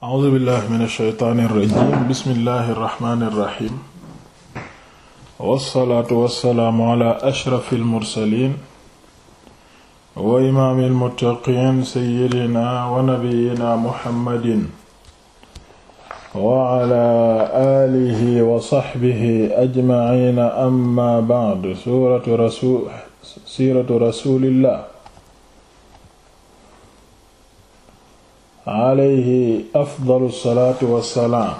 a'uuzu billahi min alsheytaani irrajim bismillahi irrahmani irrahim wassalaatu wassalaamu ala ashrafi almursalin wa imaami almuttaqiin sayyidina wa nabiyina muhammadin wa ala aalihi wa saxbihi ajmaciina amma bacd suuratu rasuul siiratu rasuulillah alayhi afdalu salaatu wassalaam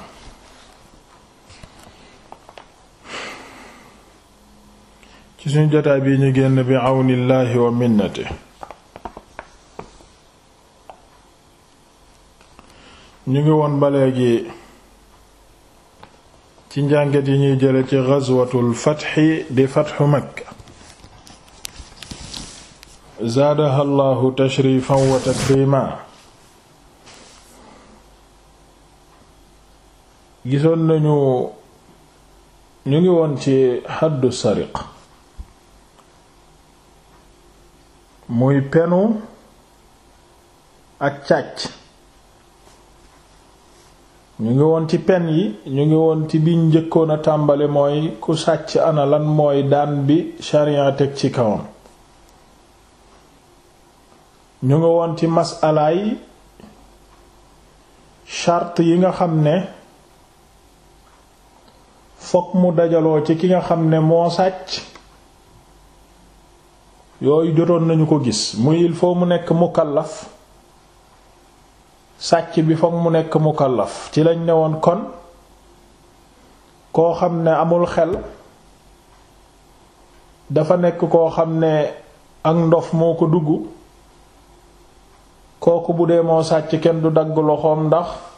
ci suñu jotaay bi ñu génn bi àwnillaahi wa minnate ñu ngi woon ba léegi ci njànget yi ñuy jële ci ghazwatul fatxi di fatxu makka zaadaha allahu tashrifan wa takrima gisoon nañu ñu ngi woon ci xaddu sariq muy penu ak càcc ñu ngi woon ci pen yi ñu ngi woon ci biñ njëkkoon a tàmbali mooy ku sàcc ana mooy daan bi sharia ci kawam ñu ngi woon ci masalaay chart yi nga xam ne fokk mu dajaloo ci ki nga xam ne moo sàcc yooyu jotoon nañu ko gis muy il faut mu nekk mukallaf sàcc bi fokk mu nekk mukallaf ci lañ ne woon kon koo xam ne amul xel dafa nekk koo xam ne ak ndof moo ko dugg kooku bu dee moo sàcc kenn du dagg loxoom ndax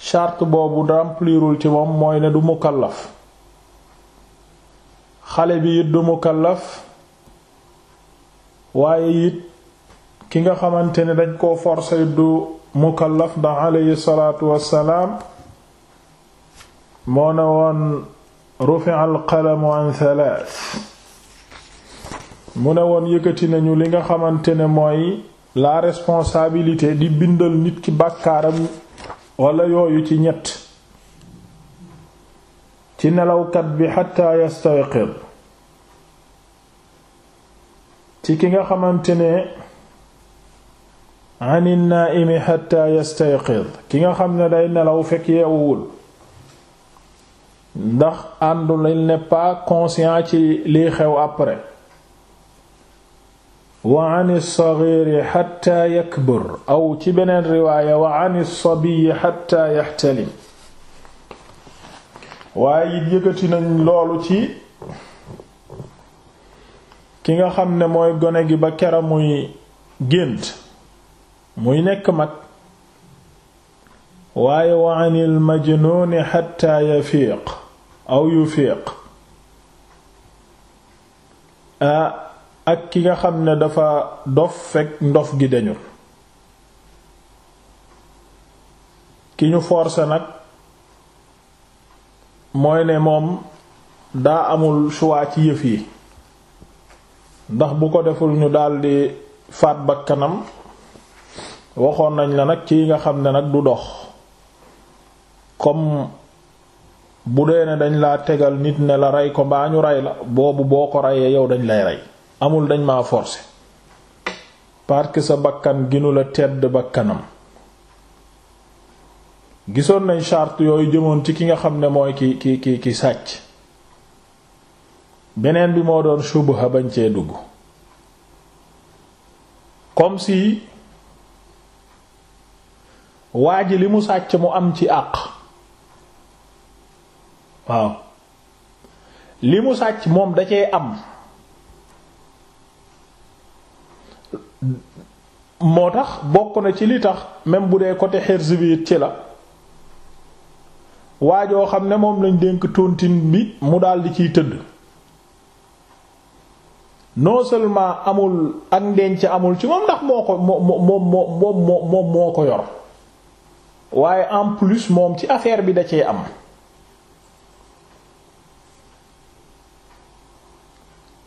charte boobu remplirul ci moom mooy ne du mukallaf xale bi it du mukallaf waaye it ki nga xamante ne dañ koo forcer du mukallaf ndax aleyhi salaatu wassalaam moo ne woon rufi al qalamu an thalath mu ne woon yëkkati nañu li nga xamante ne mooy la responsabilité di bindal nit ki bàkkaaram wala yooyu ci ñett ci nelawkat bi xataa yastayqir ci ki nga xamante ne ani naaimi xataa yastayqir ki nga xam ne day nelaw fekk yeewuwul ndax àndul il n'est pas conscient ci liy xew après wa an as-saghir hatta yakbur aw ci beneen riwaaya wa an as-sabiy hatta yahtalim waaye it yëkkati nañ loolu ci ki nga xam ne mooy gone gi ba kera muy gént muy nekk mag waaye wa an al-majnun hatta yafiq aw yufiq a ah, ak ki nga xam ne dafa dof fekk ndof gi deñul ki ñu forcé nag mooy ne moom daa amul choix ci yëf yi ndax bu ko deful ñu daldi faat ba kanam waxoon nañ la nag ci nga xam ne nag du dox comme bu dee ne dañ laa tegal nit ne la rey ko mbaa ñu rey la boobu boo ko reyee yow dañ lay rey amul dañ ma forcer parce sa bakkan ginu la tedd bakkanam gisoon nañ chart yooyu jëmoon ci ki nga xam ne mooy ki ki ki sàcc beneen bi moo doon shubha bañ cee dugg comme si waa ji li mu sàcc mu am ci àq waaw li mu sàcc moom da am moo tax bokk na ci li tax même bu dee côté xerse bi ci la waa joo xam ne moom lañ dénk tontine bi mu daldi ciy tëdd non seulement amul ak ndenc amul ci moom ndax moo ko moo moo moo moo moo ko yor waaye en plus moom ci affaire bi da cee am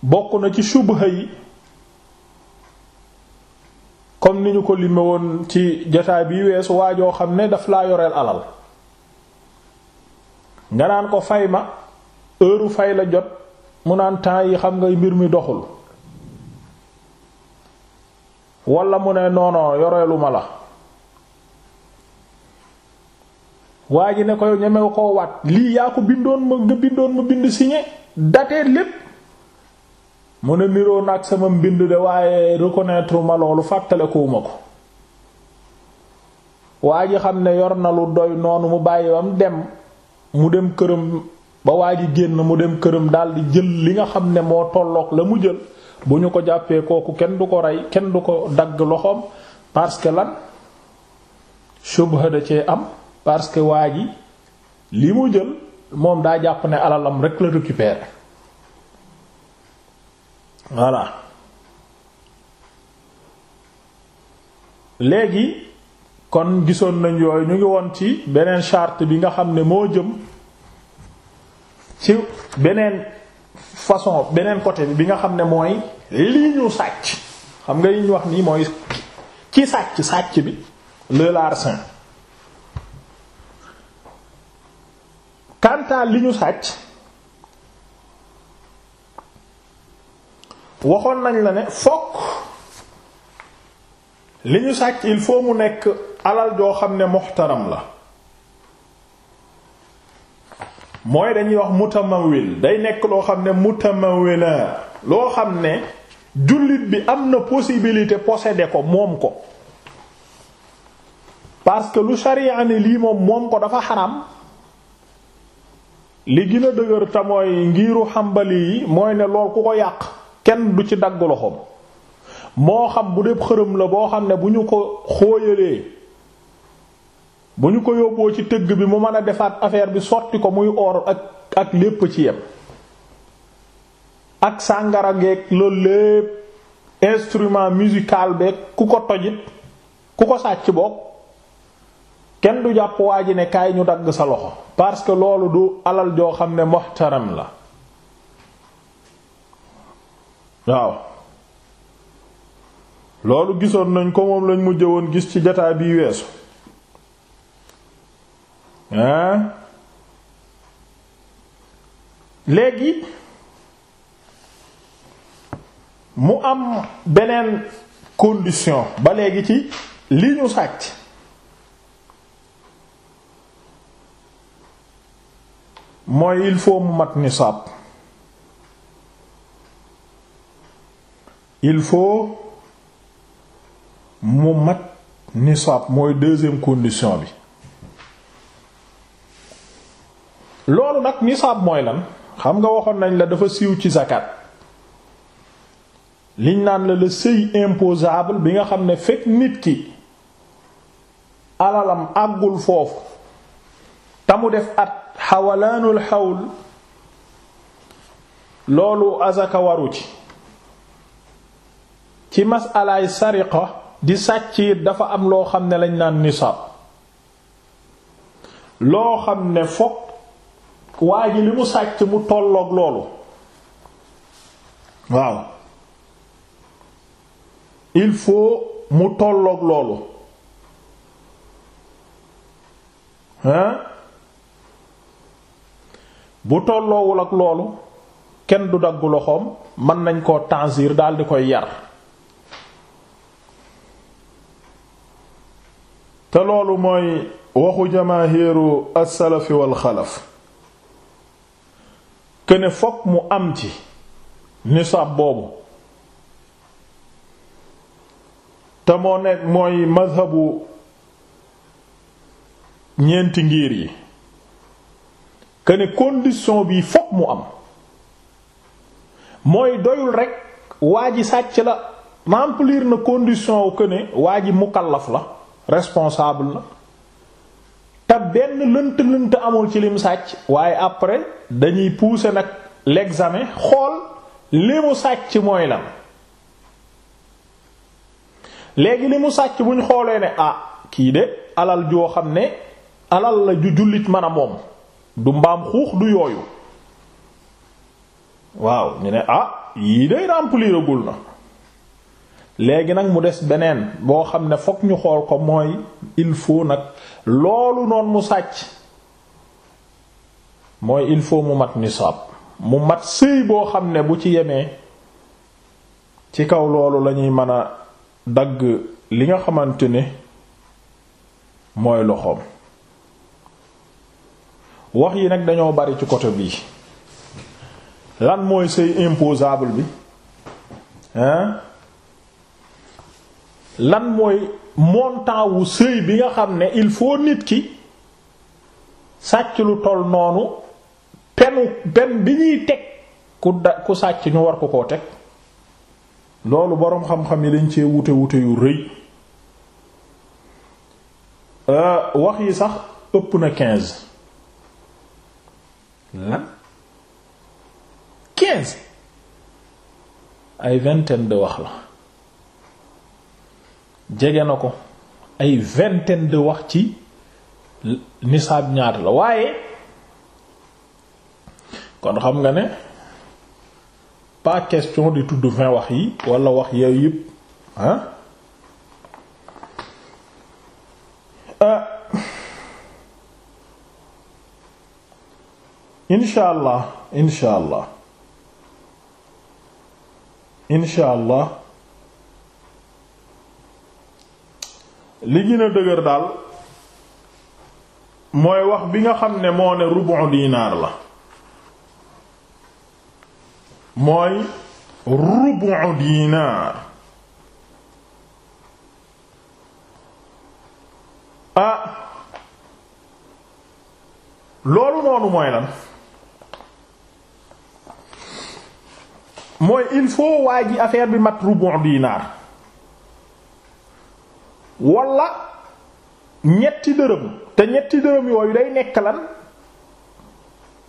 bokk na ci subha yi comme ni ñu ko lime woon ci jotaay bi weesu waa joo xam ne daf laa yoreel alal nga naan ko fay ma heure fay la jot mu naan temps yi xam nga mbir mi doxul walla mu ne noono yoreelu ma la waa ji ne ko ñemew koo waat lii yaa ko bindoon ma nga bindoon ma bind signé date lépp mu ne niroo nag sama mbind de waaye reconnaître ma loolu fàttalekuwuma ko waa ji xam ne yor na lu doy noonu mu bàyyi dem mu dem këram ba waa ji génn mu dem këram di jël li nga xam ne moo tollook la mu jël bu ñu ko jàppee kooku kenn du ko rey kenn du ko dagg loxoom parce que lan shubha da cee am parce que waa ji li mu jël moom daa jàpp ne alalam rek la récupérer voilà léegi kon gisoon nañ yooyu ñu ngi woon ci beneen chart bi nga xam ne moo jëm ci beneen façon beneen côté bi nga xam ne mooy li ñu sàcc xam nga li ñu wax nii mooy ci sàcc sàcc bi le larcin quant à li ñu sàcc waxoon nañ la ne fokk li ñu sàcc il faut mu nekk alal joo xam ne muxtaram la mooy dañuy wax mutamawil day nekk loo xam ne mutamawila loo xam ne jullit bi am na possibilité posede ko moom ko parce que lu sharia ne lii moom moom ko dafa xaram li gina a dëgër te mooy ngiiru xambali yi mooy ne lool ku ko yàq kenn du ci dagg loxoom moo xam bu dee xërëm la boo xam ne bu ñu ko xóoyalee bu ñu ko yóbboo ci tëgg bi mu mën a defaat affaire bi sotti ko muy or ak ak lépp ci yem ak sàngara geek loolu lépp instrument musical beeg ku ko tojit ku ko sàcc boog kenn du jàpp waa ji ne kaay ñu dagg sa loxo parce que loolu du alal joo xam ne muhtaram la waaw loolu gisoon nañ ko moom lañ mujj woon gis ci jataay bi weesu hein léegi mu am beneen condition ba léegi ci li ñu sàcc mooy il faut mu mat nisaab il faut mu mat nisaab mooy deuxième condition bi loolu nag nisaab mooy lan xam nga waxoon nañ la dafa siiw ci zakat liñ naan la le seuil imposable bi nga xam ne fekk nit ki alalam àggul foofu te mu def at xawalaanul xawl loolu azaka ci ci masalaay sariqa di sàcc it dafa am loo xam ne lañ naan nisaab loo xam ne fokk waa ji li mu sàcc mu tolloog loolu waaw il faut mu tolloog loolu hein bu tolloowul ak loolu kenn du daggu loxoom mën nañ koo tanzir daal di koy yar te loolu mooy waxu jamaahiru as xalaf këne fokk mu am ci nisaab boobu te moo nekk mooy mazhabu ñeenti ngir yi këne condition bi fokk mu am mooy doyul rekk waa ji sàcc la remplir na condition wu këne waa ji mukallaf la responsable la te benn lënt lënt amul ci lim sàcc waaye après dañuy pousser nag l'examen xool limu sàcc mooy lan léegi li mu sàcc buñ xoolee ne ah kii de alal joo xam ne alal la ju jullit mën a moom du mbaam xuux du yooyu waaw ñu ne ah yii de rempliragul na léegi nag mu des beneen boo xam ne fokk ñu xool ko mooy il faut nag loolu noon mu sàcc mooy il faut mu mat nisaab mu mat sëy boo xam ne bu ci yemee ci kaw loolu lañuy mën a dagg li nga xamante ne mooy loxoom wax yi nag dañoo bari ci côté bii lan mooy sëy imposable bi hein lan mooy montant wu sëy bi nga xam ne il faut nit ki sàcc lu toll noonu penu pen bi ñuy teg ku da ku sàcc ñu war ko koo teg loolu boroom xam-xam yi lañ cee wute wute yu rëy euh, wax yi sax ëpp na quinze lan quinze ay vingtaine de wax la jege na ko ay vingtaine de wax ci nisaab ñaata la waaye kon xam nga ne pas question di tudd vin wax yi walla wax yooyu yëpp ah incha allah incha li gën a dëgër daal mooy wax bi nga xam ne moo ne rubu dinaar la mooy rubu dinaar loolu noonu mooy lan mooy il faut waa ji affaire bi mat rubu dinaar wala ñetti dërëm te ñetti dërëm yooyu day nekk lan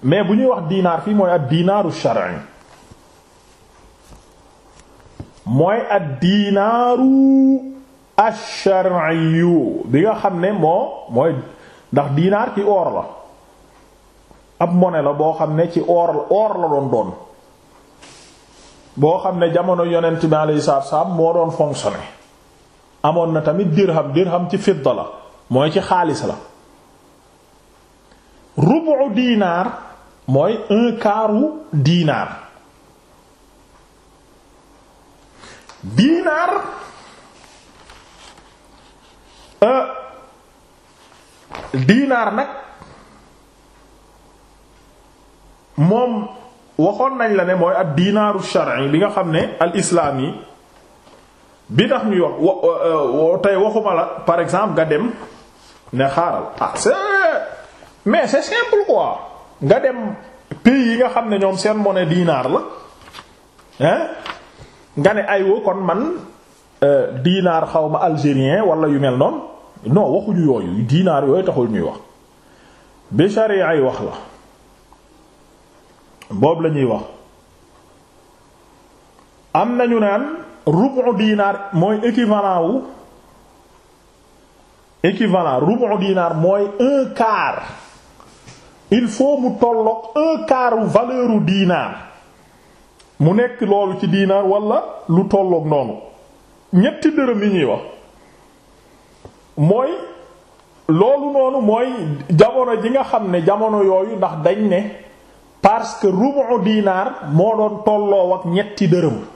mais bu ñuy wax diinaar fii mooy ad diinaaru shar'i mooy ad diinaaru ash-shar'i bi nga xam ne moo mooy ndax diinaar ci or la ab mone la boo xam ne ci or la doon doon boo xam ne jamono yonent bi alayhi salaam moo doon fonctionner amoon na tamit dirham dirham ci fidda la mooy ci xaalis la rubu diinaar mooy un quart diinaar diinaar euh diinaar nag moom waxoon nañ la ne mooy ad diinaaru shar'i bi nga xam ne al islaam yi bi tax ñu wax wa tey waxuma la par exemple nga dem ne xaaral ah c'est mais c'est simple quoi nga dem pays yi nga xam ne ñoom seen monnaie dinaar la hein nga ne aywa kon man euh, dinaar xawma ma algérien wala yu mel noonu non waxuñu yooyu dinaar yooyu taxul ñuy wax bi ay wax la boobu la ñuy wax am nañu naan. rubu dinaar mooy équivalent wu équivalent rubu dinaar mooy un quart il faut mu tolloog un quart valeur dinaar mu nekk loolu ci dinaar walla lu tollook noonu ñetti dërëm yi ñuy wax mooy loolu noonu mooy jamono ji nga xam ne jamono yooyu ndax dañ ne parce que rubu dinaar moo doon tolloo ak ñetti dërëm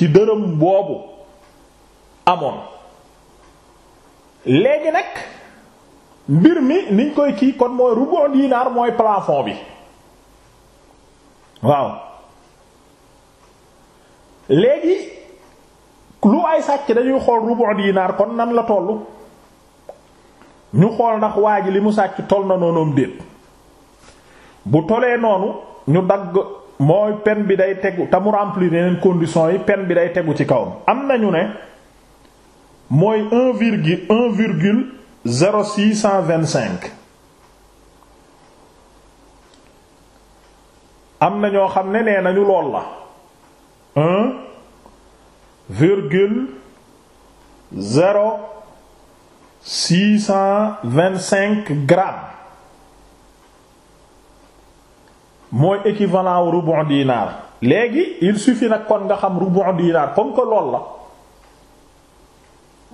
ci dërëm boobu amoon léegi nag mbir mi niñ koy kii kon mooy rubu dinaar mooy plafond bi waaw léegi lu ay sàcc dañuy xool rubu dinaar kon nan la tollu ñu xool ndax waa ji li mu sàcc toll na noonoom déet bu tolee noonu ñu dagg mooy peine bi day tegu te mu remplir yeneen conditions yi peine bi day tegu ci kaw am nañu ne mooy un virgule un virgule cent vingt cinq am na ñoo xam ne nee nañu lool la un virgule zéro six cinq grammes mooy équivalent wu rubu dinar léegi il suffit nag kon nga xam rubu dinar comme que lool la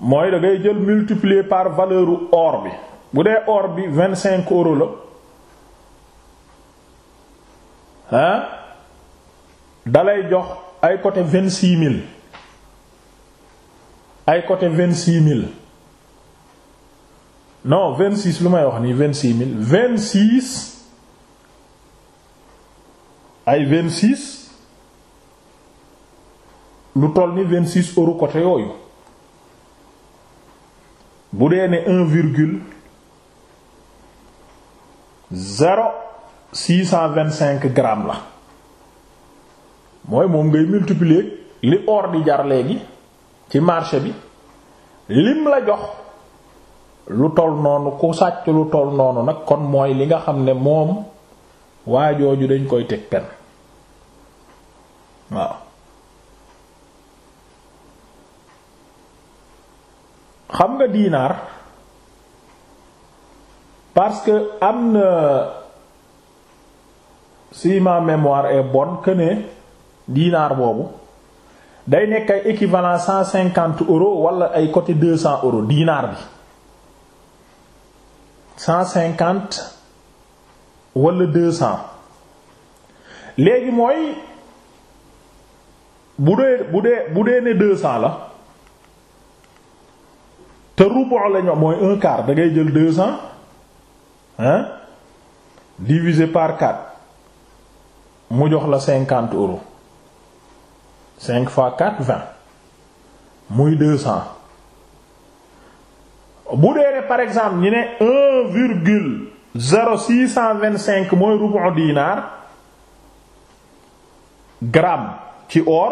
mooy da ngay jël multiplier par valeur u or bi bu dee or bi vingt cinq euros la hein dalay jox ay côté vingt six mille ay côté vingt six mille non vingt six lu may wax nii vingt six mille vingt six ay vingt-six lu toll ni vingt-six euros côté yooyu bu dee ne un virgule zéro six vingt-cinq grammes la mooy moom ngay multiplier li or di jar léegi ci marché bi lim la jox lu toll noonu ku sàcc lu toll noonu nag kon mooy li nga xam ne moom waa jooju dañ koy teg pen waaw xam nga diinaar parce que am na si ma mémoire est bonne que ne boobu day nekk ay équivalent cent cinquante euros wala ay côté deux cent euro diinaar bi cent cinquante wala deux cents léegi mooy. bu dee bu dee bu dee ne deux la te rubu lañu mooy un quart da ngay jël deux cents hein divisé par quatre mu jox la cinquante euro cinq fois quatre vingt muy deux bu dee ne par exemple ñu ne un virgule zéro six cent vingt cinq mooy rubu dinaar gramme. ci or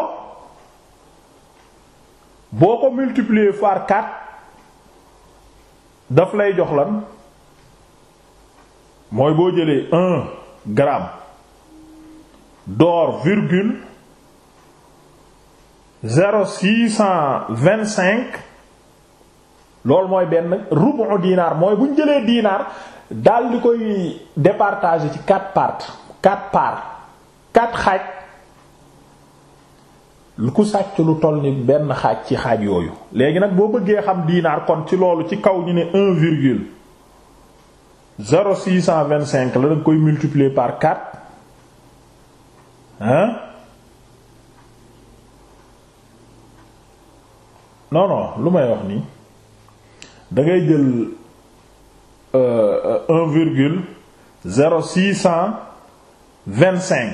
boo ko multiplier par 4 daf lay jox lan mooy boo jëlee un gramme d'or virgule zéro six cent vingt cinq loolu mooy benn rubu dinar mooy buñ jëlee dinar dal di koy départager ci quatre parts quatre parts quatre xaaj. lu ko sàcc lu toll ni benn xaaj ci xaaj yooyu léegi nag boo bëggee xam diinaar kon ci loolu ci kaw ñu ne un virgule zéro six cent vingt cinq la da nga koy multiplier par quatre hein non lu may wax nii da ngay jël euh, un virgule zéro six cent vingt cinq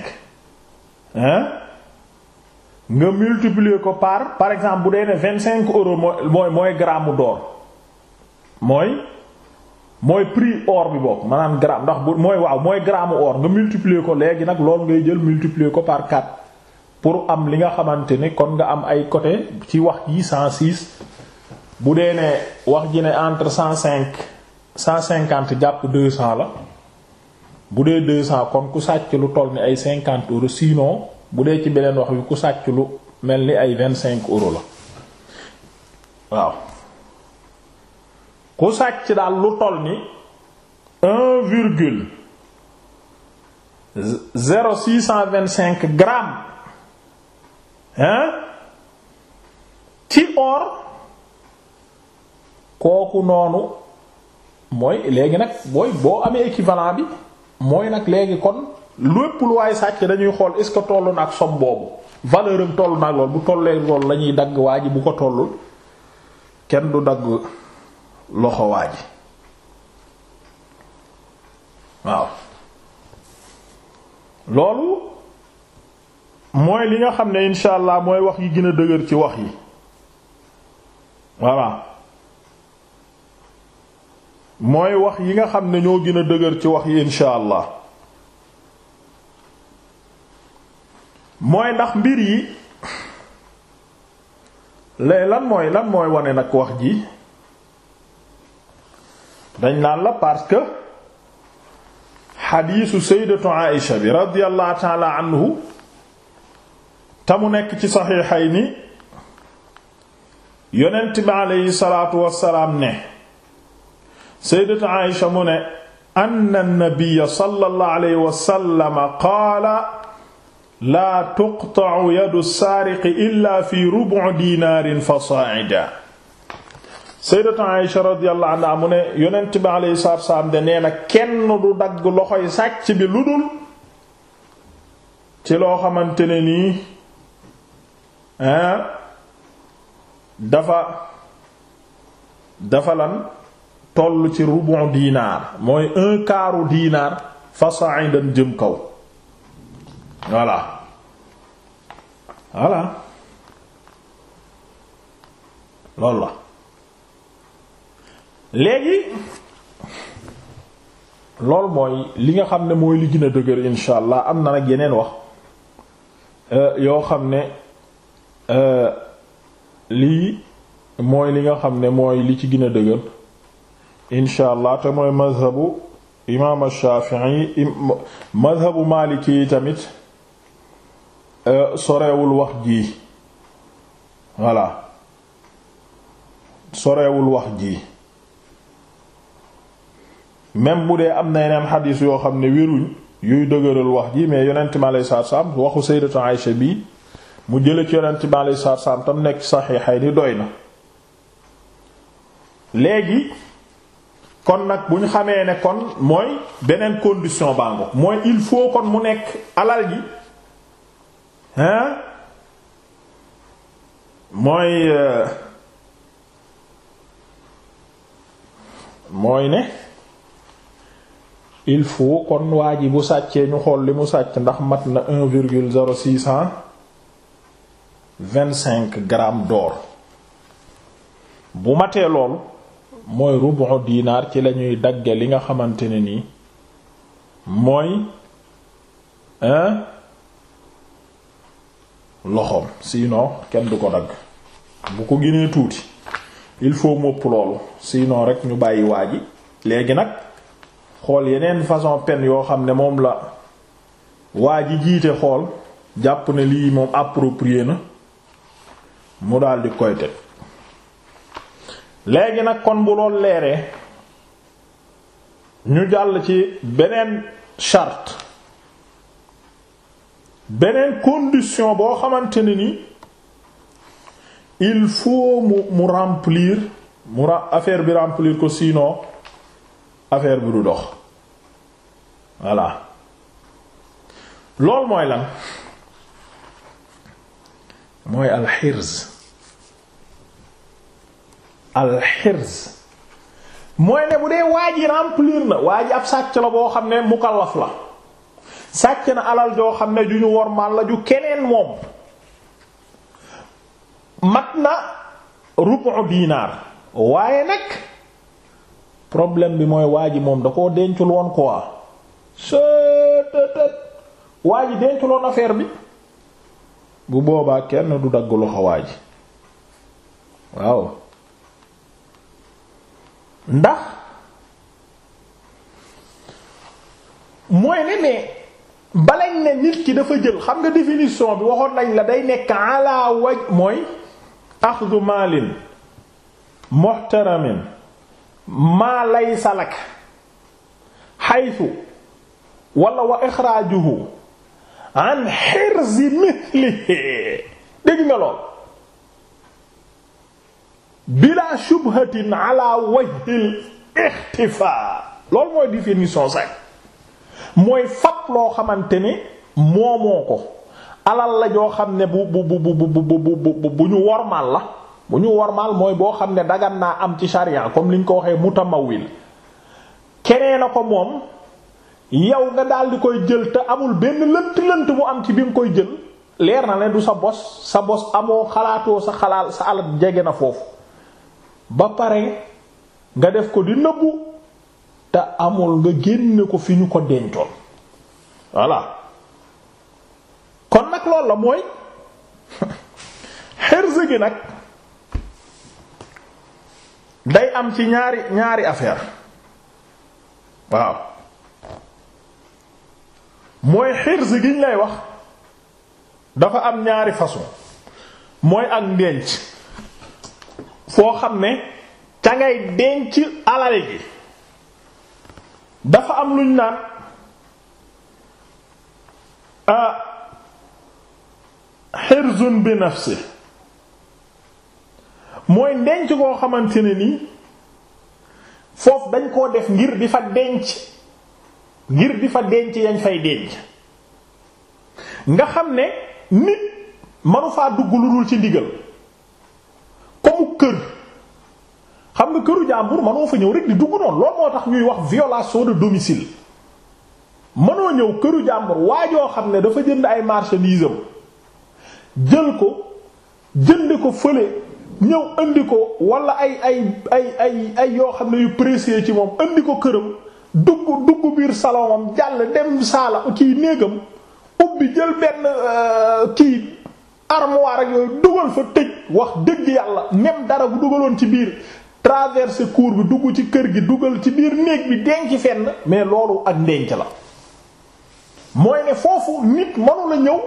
hein nga multiplier ko par par exemple bu dee ne vingt cinq euros mooy mooy gramme d'or mooy mooy prix or bi bokk maanaam gramme ndax bu mooy waaw mooy gramme or nga multiplier ko léegi nag loolu ngay jël multiplier ko par 4 pour am li nga xamante ne kon nga am ay côté ci wax yi 106 bu dee ne wax ji ne entre 105 150 jàpp 200 la bu dee 200 kon ku sàcc lu toll ni ay 50 euros sinon. bu dee ci beneen wax bi ku sàcc lu mel ni ay vingt cinq euros la waaw ku sàcc daal lu toll ni un virgule zéro six cent vingt cinq grammes hein ci or kooku noonu mooy léegi nag booy boo amee équivalent bi mooy nag léegi kon lépp lu waay sàcc dañuy xool est ce que toll ak somme boobu valeur am toll na ak bu tollee lool la ñuy dagg waa ji bu ko tollu kenn du dagg loxo waa ji waaw loolu mooy li nga xam ne insha allah mooy wax yi gën a dëgër ci wax yi voilà mooy wax yi nga xam ne ñoo gën a dëgër ci wax yi insha allah mooy ndax mbir yi léegi lan mooy lan mooy wane nag wax ji dañ naan la parce que xadiisu sayyidatu Aisha bi radiyallahu taala anhu te mu nekk ci saxiixayni yonent bi aleyhi salaatu wassalaam ne sayyidatu Aisha mu ne anna nabiyya sallallahu alayhi wa sallam qaala laa tuqta'u yadu saariqi illa fi rubu' dinaarin fa saa'ida sayyidatu Aisha radiyallahu anha mu ne yonent bi alayhi salaatu wassalaam de kenn du dagg loxoy sàcc bi lu dul ci loo xamante ne nii dafa dafa lan toll ci rubu' dinaar mooy un quart dinaar fa sa'idan jëm kaw voilà voilà loolu la léegi loolu mooy li nga xam ne mooy li gën a dëgër insha allah am na nag yeneen wax euh, yoo xam ne euh, lii mooy li nga xam ne mooy li ci gën a dëgër insha allah te mooy mazhabu imaam Shaafi'i mazhabu Maliki yi tamit Euh, sorewul wax ji voilà sorewul wax ji même bu dee am na yeneen xadiis yoo xam ne wéruñ yuy dëgëral wax ji mais yonent mi alayhi salaatu salaam waxu sayyidatu Aïsha bi mu jële ci yonent mi alayhi salaatu tam nekk saxiixay ni doy na léegi kon nag bu ñu xamee ne kon mooy beneen condition baa mooy il faut kon mu nekk alal ji hein mooy euh, mooy ne il faut kon waa ji bu sàccee ñu xool li mu sàcc ndax mat na un virgule zéro six cent vingt cinq grammes d'or bu matee lool mooy rubu dinaar ci lañuy dagge li nga xamante ne nii mooy hein loxoom sinon kenn du ko dagg bu ko gënee tuuti il faut mopp loolu sinon rek ñu bàyyi waa ji léegi nag xool yeneen façon peine yoo xam ne moom la waa ji jiite xool jàpp na lii moom approprié na mu daldi koy teg léegi nag kon bu lool leeree ñu jàll ci beneen chart beneen condition boo xamante ne ni il faut mu mu remplir mu affaire bi remplir ko sinon affaire bi du dox voilà loolu mooy lan mooy alxirz alxirz mooy ne bu dee waa ji remplir na waa ji ab sàcc la boo xam ne mukallaf la sàcc na alal joo xam ne ju ñu wormaal la ju keneen moom mat na rubu diinaar waaye nag problème bi mooy waa ji moom da koo dencul woon quoi sëtëtët waa ji dencul bi bu boobaa kenn du dagg loxo waa ji waaw ndax mooy ne balañ ne nit ki dafa jël xam nga définition bi waxoon nañ la day nekk ala mooy axdu maalin muhtaramin maa laysa lak xaytu wala wa ixraajuhu an xirzi mithlihi dégg nga lool bila shubhatin ala wajhil ixtifaa loolu mooy définition sax mooy fab loo xamante ne moomoo ko alal la joo xam ne bu bu bu bu bu bu ñu wormaal la bu ñu wormaal mooy boo xam ne dagan naa am ci sharia comme liñ ko waxee mutamawil keneen na ko moom yow nga daal di koy jël te amul benn lënt lënt bu am ci bi nga koy jël leer na leen du sa bos sa bos amoo xalaatoo sa xalaal sa alal jege na foofu ba pare nga def ko di nëbbu te amul nga génne ko fi ñu ko dencoon voilà kon nag loolu la mooy xirse gi nag day am ci ñaari ñaari affaire waaw mooy xirse giñ lay wax dafa am ñaari façon mooy ak ndenc foo xam ne ca ngay denc alal gi dafa am luñ naan a ah, xirzun bi nafsi mooy denc koo xamante ne nii foofu dañ koo def ngir di fa denc ngir bi fa denc yañ fay denc nga xam ne nit manu faa dugg lu dul ci ndigal jàmbur manoo fa ñëw rek di dugg noonu loolu moo tax ñuy wax violation de domicile mënoo ñëw këru jàmbur waajoo xam ne dafa jënd ay marchandises am jël ko jënd ko fële ñëw indi ko walla ay ay ay ay ay yoo xam ne yu précieux ci moom indi ko këram dugg dugg biir salon am jàll dem saala kii néegam ubbi jël benn euh, kii armoire ak yooyu dugal fa tëj wax dëgg yàlla même dara bu dugaloon ci biir traverser cour bi dugg ci kër gi dugal ci biir néeg bi denc fenn mais loolu ak ndenc la mooy ne foofu nit mënu la ñëw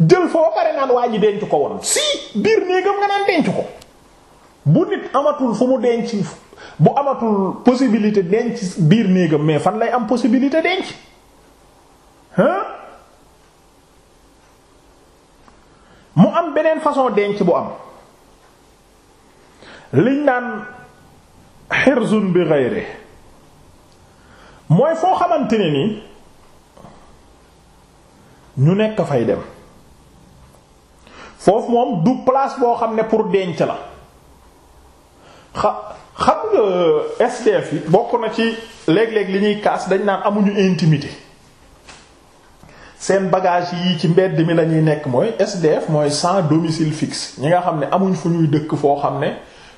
jël fa ba pare naan waa ji denc ko woon si biir néegam nga naan denc ko bu nit amatul fu mu denc bu amatul possibilité denc biir néegam mais fan lay am possibilité denc hein mu am beneen façon denc bu am liñ naan xirzun bi geyre mooy foo xamante ne ni ñu nekk fay dem foofu moom du place boo xam ne pour denc la xa xam nga SDF bokk na ci léeg-léeg li ñuy kaas dañ naan amuñu intimité seen bagage yi ci mbedd mi lañuy nekk mooy SDF mooy sans domicile fixe ñi nga xam ne amuñ fu ñuy dëkk foo xam ne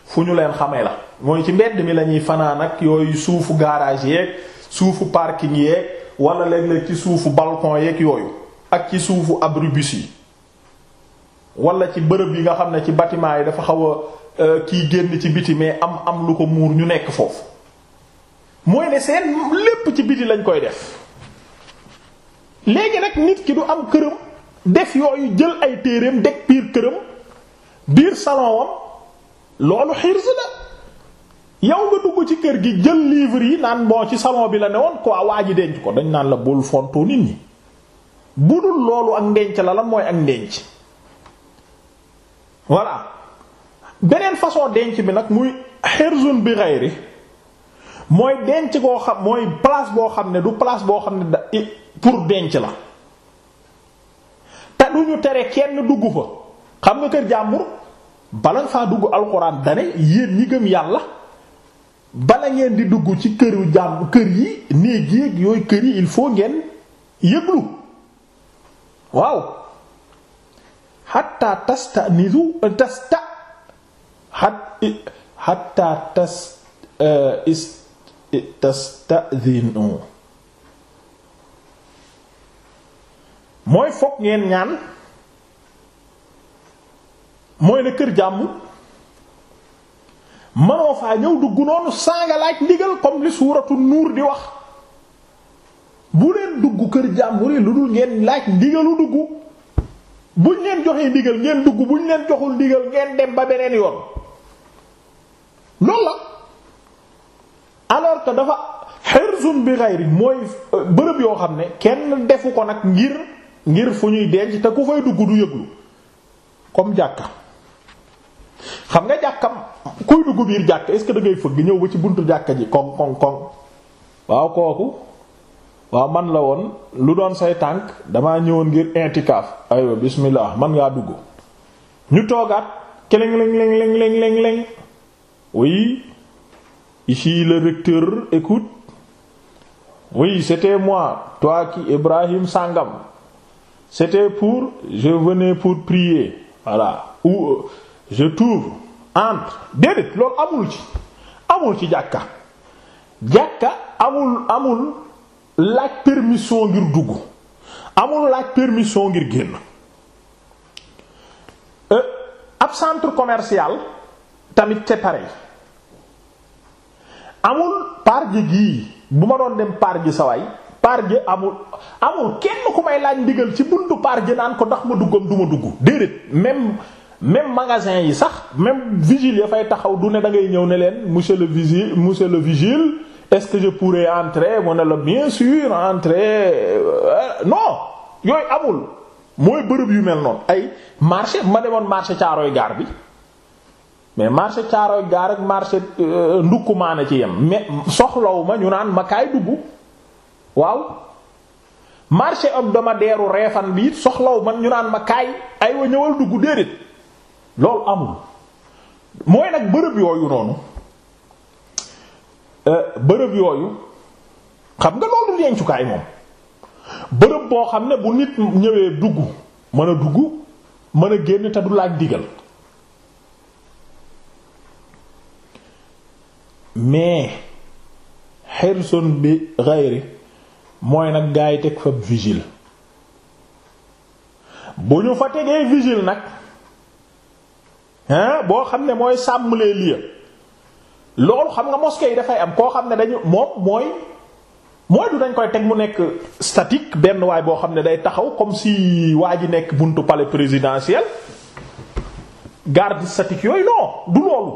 fu ñu leen xamee la mooy ci mbedd mi lañuy fanaan ak yooyu suufu garage yeeg suufu parking yeeg walla léeg-léeg ci suufu balcon yeek yooyu ak ci suufu abribus yi wala ci bërëb yi nga xam ne ci bâtiment yi dafa xaw a euh, kiy génn ci biti mais am am lu ko muur ñu nekk foofu mooy ne seen lépp ci biti lañ koy def léegi nag nit ki du am këram def yooyu jël ay téereem deg biir këram biir salon loolu xirs la yow nga dugg ci kër gi jël livre yi naan moo ci salon bi la ne woon ko waa ji denc ko dañ naan la bul fontoo nit ñi bu dul loolu ak ndenc la la mooy ak ndenc voilà beneen façon denc bi nag muy xirzun bi xayri mooy denc koo xam mooy place boo xam ne du place boo xam ne da pour denc la te du ñu tere kenn dugg fa xam nga kër jàmbur bala nga faa dugg alxuraan dane yéen ñi gëm yàlla bala ngeen di dugg ci këru jàmm kër yi néeg yéeg yooyu kër yi il faut ngeen yëglu waaw xatta tastanisu euh, tasta xatta tas euh, tastadinu mooy fokk ngeen ñaan mooy ne kër jàmm manoo faa ñëw dugg noonu saa nga laaj ndigal comme li suuratu nuur di wax bu leen dugg kër jàmbur yi lu dul ngeen laaj ndigalu dugg buñ leen joxee ndigal ngeen dugg buñ leen joxul ndigal ngeen dem ba beneen yoon loolu la alors que dafa hirzun bi ghayri mooy euh, bërëb yoo xam ne kenn defu ko nag ngir ngir fu ñuy denc te ku fay dugg du yëglu comme jàkka xam nga jàkkam kuy dugg biir jàkk est-ce fëgg ñëw ba ci buntu jàkka ji koŋ koŋ koŋ waaw kooku waaw man la woon lu doon say tànk damaa ñëwoon ngir intikaaf aywa bismillah man ngaa dugg ñu toogaat keleng leng leng leng leng leng leng oui recteur écoute oui c'était moi toi qui Ibrahim Sangam c'était pour je venais pour prier voilà euh, je trouve entre déedéet loolu amul ci amul ci jàkka jàkka amul amul laaj permission ngir dugg amul laaj permission ngir génn euh, ab centre commercial tamit c'est pareil amul parje gii bu ma doon dem parje sa waay parje amul amul kenn ku may laaj ndigal ci buntu parje naan ko ndax ma duggam du ma dugg déedéet même même magasin yi sax même vigile ya fay taxaw du ne da ngay ñëw ne leen monsieur le vigile monsieur le vigile est-ce que je pourrais entrer mu ne la bien sûr entrer euh, non yooyu amul mooy bërëb yu mel noonu ay marché ma demoon marché caarooy gaar bi mais marché caaroy gaar ak marché euh, ndukkumaane ci yem mais soxlaw ma ñu naan ma kaay dugg waaw marché hebdomadaire u reefan bi soxlaw man ñu naan ma kaay aywa ñëwal dugg déedéet loolu amul mooy nag bërëb yooyu noonu euh, bërëb yooyu xam nga loolu du moom bërëb boo xam ne bu nit ñëwee dugg mën a dugg mën a génn te du laaj digal mais xerson bi xayri mooy nag gaa yi teg fa vigile bu ñu fa tegee vigile nag boo xam ne mooy sàmm les lieux loolu xam nga mosquée yi dafay am koo xam ne dañu moom mooy mooy du dañ koy teg mu nekk statique benn waay boo xam ne day taxaw comme si waa ji nekk buntu palais présidentiel garde statique yooyu non du loolu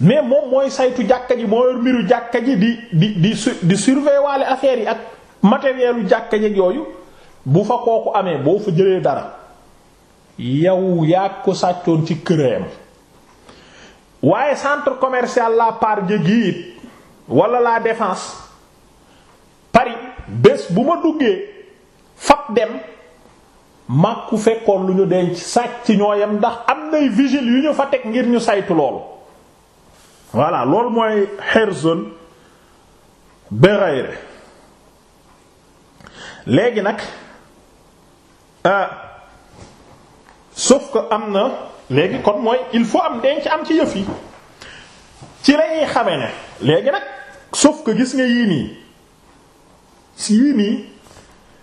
mais moom mooy saytu jàkka ji moo mbiru jàkka ji di di di su di surveiller waale affaires yi ak matériel u jàkka ji yooyu bu fa kooku amee boo fa jëlee dara. yow yaa ko sàccoon ci këram waaye centre commercial la part gi it wala la défense Paris bés bu ma duggee fab dem màkku fekkoon lu ñu denc sàcc ñooyam ndax am nay vigile yu ñu fa teg ngir ñu saytu loolu voilà loolu mooy Herzl Béraire léegi nag euh, sauf ko am na léegi kon mooy il faut am ci am ci yëf yi ci lañuy xame ne léegi nag sauf que gis nga yii nii yii nii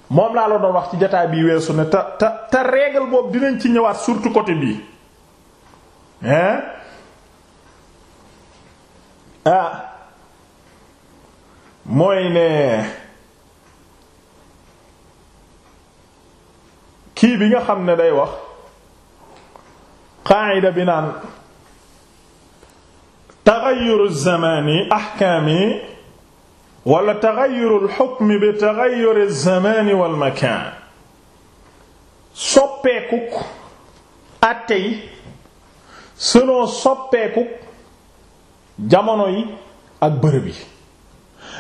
moom laa la doon wax ci jataay bi weesu ne te te te règle boobu dinañ ci ñëwaat surtout côté bii hein ah mooy ne kii bi nga xam ne day wax qaacida bi naan taxayuru zamani axkaami wala taxayuru xukmi bi taxayuri zamani wal makaan soppeekuk àtte yi selon soppeekuk jamono yi ak bërëb yi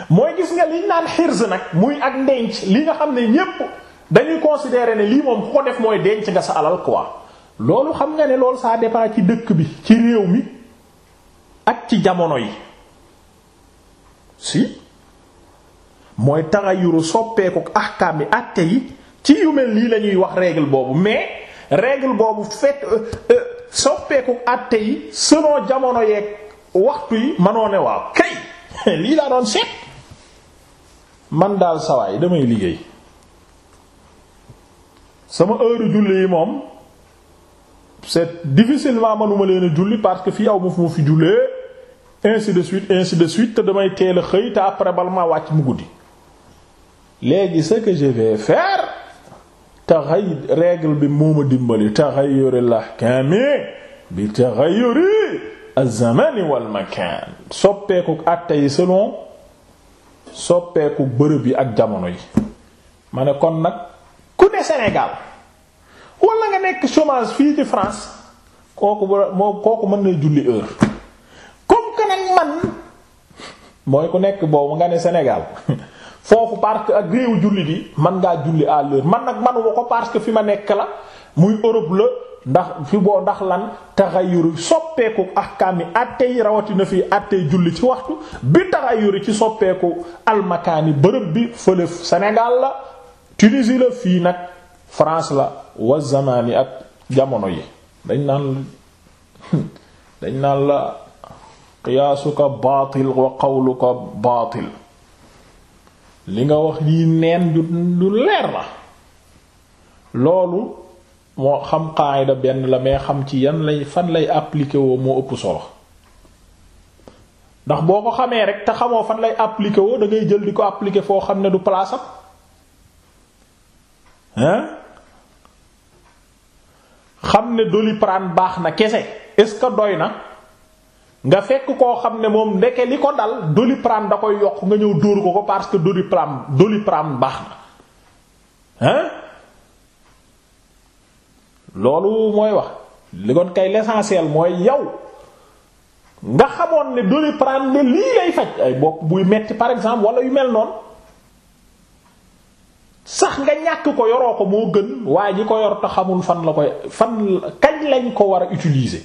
mooy gis nga liñ naan xirs nag muy ak ndenc li nga xam ne ñépp dañuy considérer ne lii moom ku ko def mooy denc nga sa alal quoi. loolu xam nga ne loolu ça dépend ci dëkk bi ci réew mi ak ci jamono yi si mooy taxayuru soppeeku ahkaam yi àtte yi ci yu mel nii la wax règle boobu mais règle boobu fekk euh, euh, soppeeku àtte yi selon jamono yeeg waxtu yi mënoo ne waaw kay lii laa doon seet man daal sawaay damay liggéey sama heure julli yi moom. c'est difficilement manuma leen a julli parce que fi aw ma foofu ma fi jullee ainsi de suite ainsi de suite te damay teel a xëy te après bala maa wàcc mu guddi léegi ce que je vais faire taxay règle bi moo ma dimbali taxayyur al-ahkam bi taxayyur az-zaman wal makan soppeeku àtte yi selon soppeeku bërëb yi ak jamono yi ma nag ku ne Sénégal wala nga nekk chômage fii ci France kooku ba moo kooku mën na julli heure comme que man mooy ku nekk boobu nga ne Sénégal foofu parce que ak réewu julli di man ngaa julli à l'heure man nag manuma ko parce que fi ma nekk la muy Europe la ndax fi boo ndax lan taxayuru soppeeku ahkaam yi àtte yi rawatina fii àtte julli ci waxtu bi taxayuru ci soppeeku almakaani bërëb bi fële Sénégal la Tunisie la fii nag France la wa yi ak jamono yi dañ naan dañ naan la qiyaasuka baatil wa ko baatil li nga wax yi neen ju leer la loolu moo xam qaayda benn la mais xam ci yan lay fan lay appliquer woo moo ëpp solo ndax boo ko xamee rek te xamoo fan lay appliquer woo da ngay jël di ko appliquer foo xam ne du place hein xam ne Doliprane baax na kese est-ce que doy na nga fekk koo xam ne moom ndeke li ko dal Doliprane da koy yokk nga ñëw dóor ko ko parce que Doliprane Doliprane baax na hein loolu mooy wax li kon kay l'essentiel mooy yow nga xamoon ne Doliprane ne lii lay faj ay bopp buy metti par exemple wala yu mel noonu sax nga ñàkk ko yoroo ko moo gën waa ji ko yor te xamul fan la koy fan kañ lañ ko war a utiliser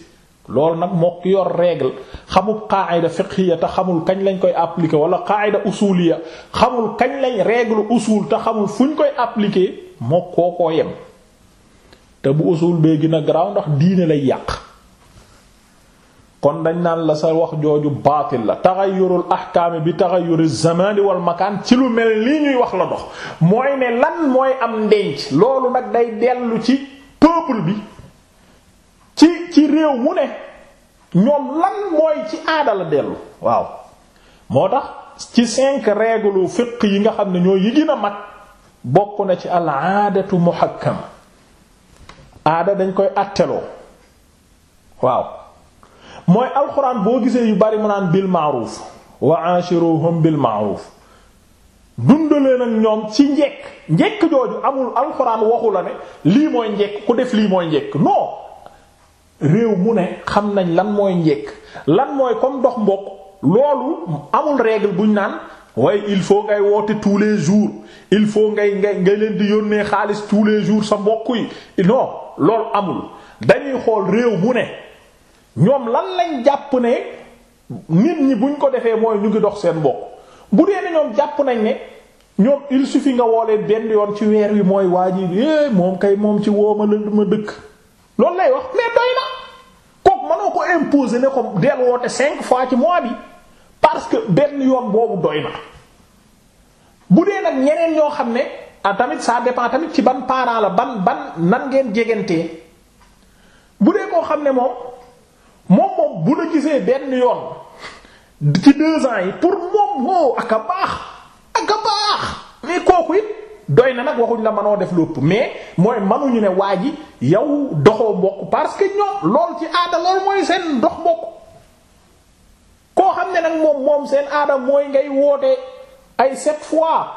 loolu nag mook yor règle xamul qaayida fiqhiya te xamul kañ lañ koy appliquer wala qaayida usuliya xamul kañ lañ règle usul te xamul fu ñu koy mook koo kookoo yem te bu usul bee gën a garaaw ndax diine lay yàq kon dañ naan la sa wax jooju baatil la taxayurul ahkaami bi taxayuri zamani wal makaan ci lu mel lii ñuy wax la dox mooy ne lan mooy am ndenc loolu nag day dellu ci peuple bi ci ci réew mu ne ñoom lan mooy ci aada la dellu waaw moo tax ci cinq règles fiqh yi nga xam ne ñoo yi gën a mag bokk na ci al aadatu muhakkama aada dañ koy atteloo waaw mooy alxuraan boo gisee yu bari mu naan bil ma'ruf wa ashiruhum bil ma'ruf dundalee nag ñoom ci njekk njekk jooju amul alxuraan waxu la ne lii mooy njekk ku def lii mooy njekk non réew mu ne xam nañ lan mooy njekk lan mooy comme dox mbokk loolu amul règle buñ naan waaye il faut ngay woote tous les jours il faut ngay ngay ngay leen di yónnee xaalis tous les jours sa mbokk yi non loolu amul dañuy xool réew mu ne. ñoom lan lañ jàpp ne nit ñi buñ ko defee mooy ñu ngi dox seen mbokk bu dee na ñoom jàpp nañ ne ñoom il suffit nga woolee benn yoon ci weer wi mooy waa ji eh, moom kay moom ci wooma la ma dëkk loolu lay wax mais doy na kooku mënoo ko imposer ne ko del woote cinq fois ci mois bi parce que benn yoon boobu doy na bu dee nag ñeneen ñoo xam ne ah tamit sa dépend tamit ci ban parent la ban ban nan ngeen jegantee bu dee koo xam ne moom. moom moom bu la gisee benn yoon ci deux ans yi pour moom moo ak a baax ak a baax mais kooku yi doy na nag waxuñ la mënoo def lopp mais mooy mënuñu ne waa ji yow doxoo mbokk parce que ñoom lool ci aada lool mooy seen dox mbokk koo xam ne nag moom moom seen aada mooy ngay woote ay set fois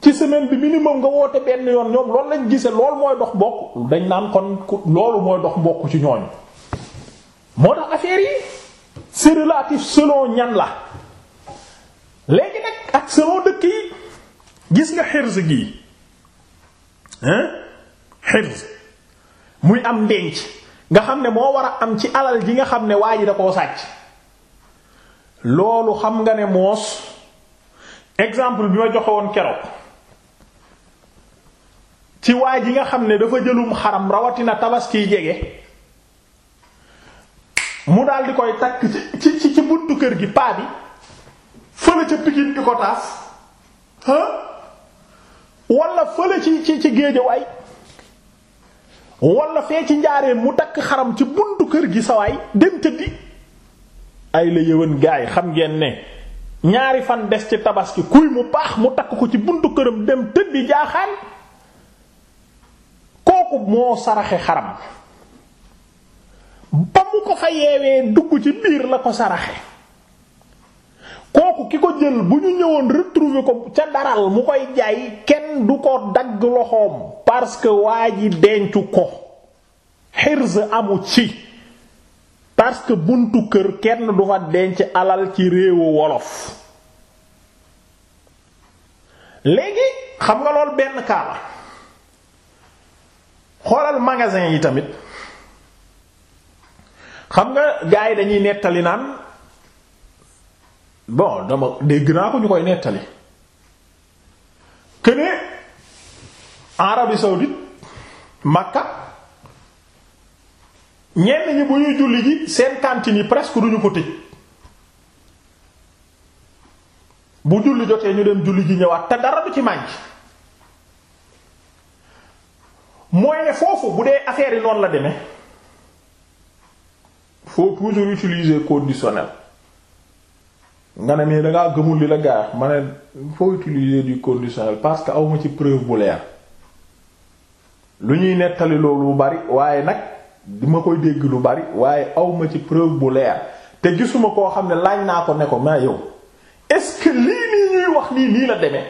ci semaine bi minimum nga woote benn yoon ñoom loolu lañ gise lool mooy dox mbokk dañ naan kon loolu mooy dox mbokk ci ñooñu. moo tax affaire yi c'est relatif ñan la léegi nag ak selon dëkk yi gis nga xirs gi hein xirs muy am ndenc nga xam ne moo war a am ci alal ji nga xam ne waa ji da koo sàcc loolu xam nga ne moos exemple bi ma joxe woon keroog ci waa ji nga xam ne dafa jëlum xaram rawatina tabaski jege mu daal di koy takk ci ci ci buntu kër gi paa bi fële ca Pikine di ko taas walla wala fële ci ci Géejawaay wala fee ci njaaree mu takk xaram ci buntu kër gi sawaay dem tëddi ay la yëwan gaay xam ngeen ne ñaari fan des ci tabaski kuy mu baax mu takk ko ci buntu këram dem tëddi jaaxaan kooku moo saraxe xaram ba mu ko fa yeewee dugg ci biir la ko saraxe kooku ki ko jël bu ñu ñëwoon retrouver ko ca daral mu koy jaay kenn du ko dagg loxoom parce que waa ji denc ko xirs amu ci parce que buntu kër kenn du fa denc alal ci réewu wolof léegi xam nga lool benn kaaba xoolal magasin yi tamit xam nga gars yi dañuy nettali naan bon dama dégg naa ko ñu koy nettali que ne Arabie saoudite Makka ñenn ñi bu ñuy julli ji seen cantine yi presque duñu ko tëj bu julli jotee ñu dem julli ji ñëwaat te dara du ci mànk mooy ne foofu bu dee affaire yi noonu la demee. faut toujours utiliser conditionnel nga ne mais dangaa gëmul li la gaa ma ne faut utiliser du conditionnel parce que awma ci preuve bu leer lu ñuy nettali loolu lu bari waaye nag duma koy dégg lu bari waaye awma ci preuve bu leer te gisuma koo xam ne laaj naa ko ne ko ma yow est-ce que lii nii ñuy wax nii nii la demee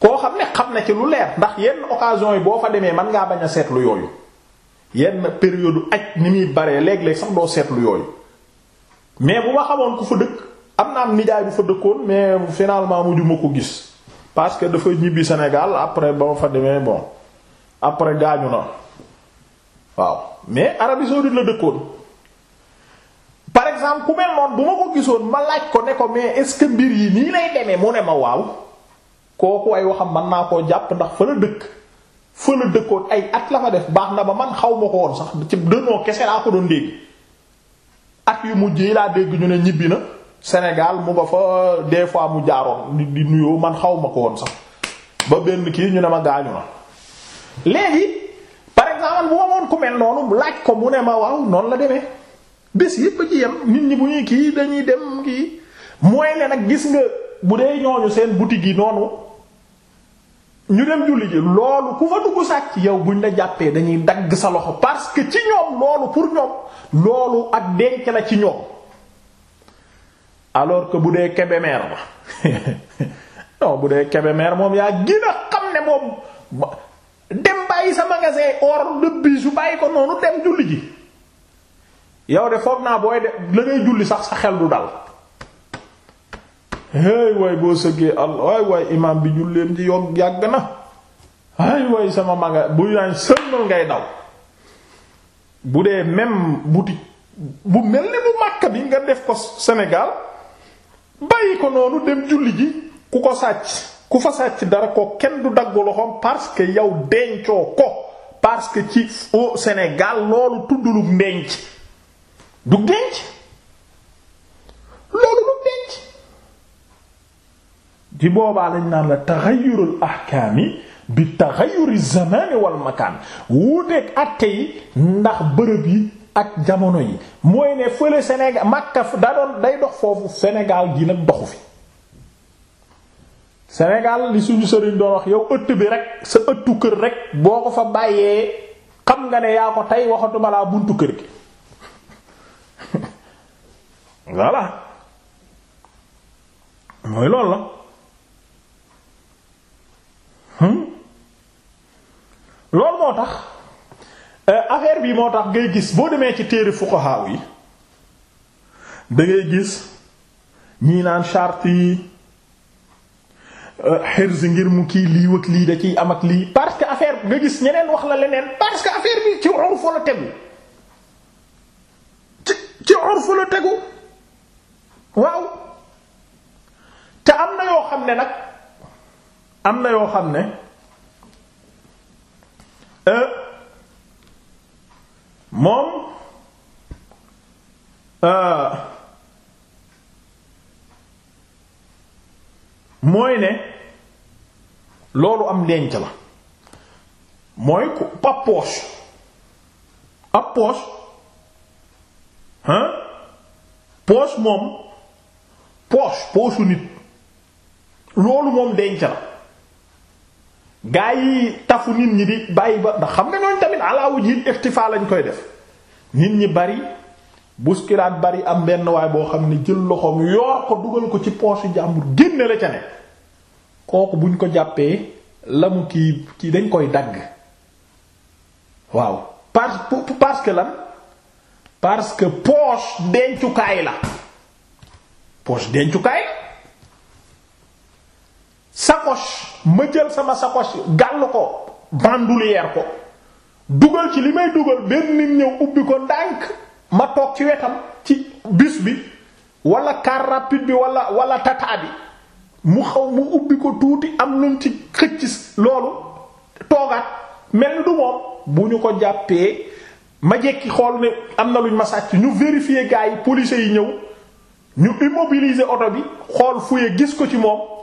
koo xam ne xam na ci lu leer ndax yenn occasion yi boo fa demee mën ngaa bañ a seetlu yooyu yenn période aj ni muy baree léeg-léeg sax doo seetlu yooyu mais bu ma xamoon ku fa dëkk am na am nijaay bu fa dëkkoon mais finalement mujj juma ko gis parce que dafa ñibbi senegal après ba ma fa demee bon après gaañu na waaw mais Arabie saoudite la dëkkoon par exemple ku mel bu ma ko gisoon ma laaj ko ne ko mais est-ce mbir yi nii lay demee mu ne ma waaw kooku ay waxam mën naa koo jàpp ndax fa la dëkk. fa na dëkkoon ay at la fa def baax na ba man xaw ma ko woon sax ci dënoo kese laa ko doon dégg at yu mujj yi laa dégg ñu ne ñibbi na Sénégal mu nga fa des fois mu jaaroon di nuyoo man xaw ko woon sax ba kii ñu ne ma gaañu na léegi par exemple bu ne ma waaw noonu la demee bés yépp nit ñi bu ñuy kii dañuy dem kii mooy ne nag gis nga bu dee ñooñu seen boutique yi noonu. ñu dem julli ji loolu ku fa dugg sàcc yow buñ la jàppee dañuy dagg sa loxo parce que ci ñoom loolu pour ñoom loolu ak denc la ci ñoom alors que bu dee Kébémer ma non bu dee Kébémer moom yaa gën a xam ne moom dem bàyyi sa magasin or de bisu bàyyi ko noonu dem julli ji yow de foog naa booy de la julli sax sa xel du dal hey waay boo sëggee allah waay waay imaam bi julleem ci yog yàgg na ay waay sama maga bu naan sëlmal ngay daw bu dee même boutique bu mel ni bu Makka bi nga def ko senegaal bàyyi ko noonu dem julli ji ku ko sàcc ku fa sàcc dara ko kenn du daggu loxoom parce que yow dencoo ko parce que ci au Sénégal loolu tuddulub ndenc du denc loolu du denc di boobaa lañ naan la taxayurul ahkaami bi taxayuri zamani wal makaan wuuteeg atte yi ndax bërëb yi ak jamono yi mooy ne fële Sénégal Makka da day dox foofu senegaal gi nag doxu fi Sénégal li suñu sëriñ doon wax yow ëtt bi rek sa ëttu kër rek boo ko fa bàyyee xam nga ne yaa ko tey waxatuma laa buntu kër gi voilà mooy loolu la Hmm? loolu moo tax euh, affaire bi moo tax ngay gis boo demee ci téere fuqaha yi da ngay gis ñii naan charte yi euh, xirsi ngir mu kii lii wëg lii da ciy am ak lii parce que affaire nga gis ñeneen wax la leneen parce que affaire bi ci urf la tegu ci ci urf la tegu waaw te am na yoo xam ne nag am na yoo xam ne euh, moom euh, mooy ne loolu am denc la mooy ku ab poche ab poche hein poche moom poche poche nit loolu moom denc la gaa yi tafu nit ñi di bàyyi ba ndax xam nga ñooñ tamit alaawu ji ixtifaa lañ koy def nit ñi bari buskilaat bari am benn waay boo xam ne jël loxoom yoor ko dugal ko ci poche jàmbur génne la ca ne kooku buñ ko jàppee lamu kii kii dañ koy dagg waaw parce parce lan parce que poche dencukaay la poche dencukaay sacoche ma jël sama sacoche gàll ko bandoulière ko dugal ci li may dugal benn nit ñëw ubbi ko ndànk ma toog ci wetam ci bis bi wala car rapide bi walla wala tata bi mu xaw mu ubbi ko tuuti am lu ci xëcc loolu toogaat mel bu ñu ko jàppee ma jekki xool ne am na luñ ma sàcc ñu vérifier gars yi policiers yi ñëw ñu immobiliser oto bi xool fuye gis ko ci moom.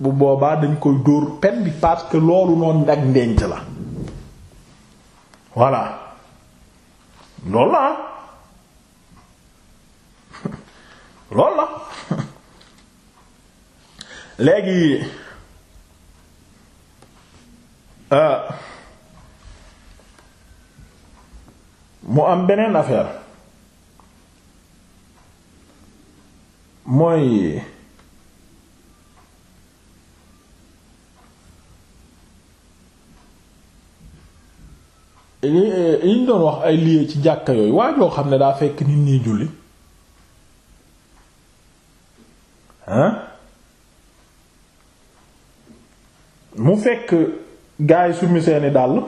bu boobaa dañ koy dóor pen bi parce loolu noonu ak ndenc la voilà loolu la ah. loolu la léegi euh, mu am beneen affaire mooy yi doon wax ay lieu ci jàkka yooyu waa joo xam ne daa fekk nit ñi julli mu fekk gaa yi summi seeni dàll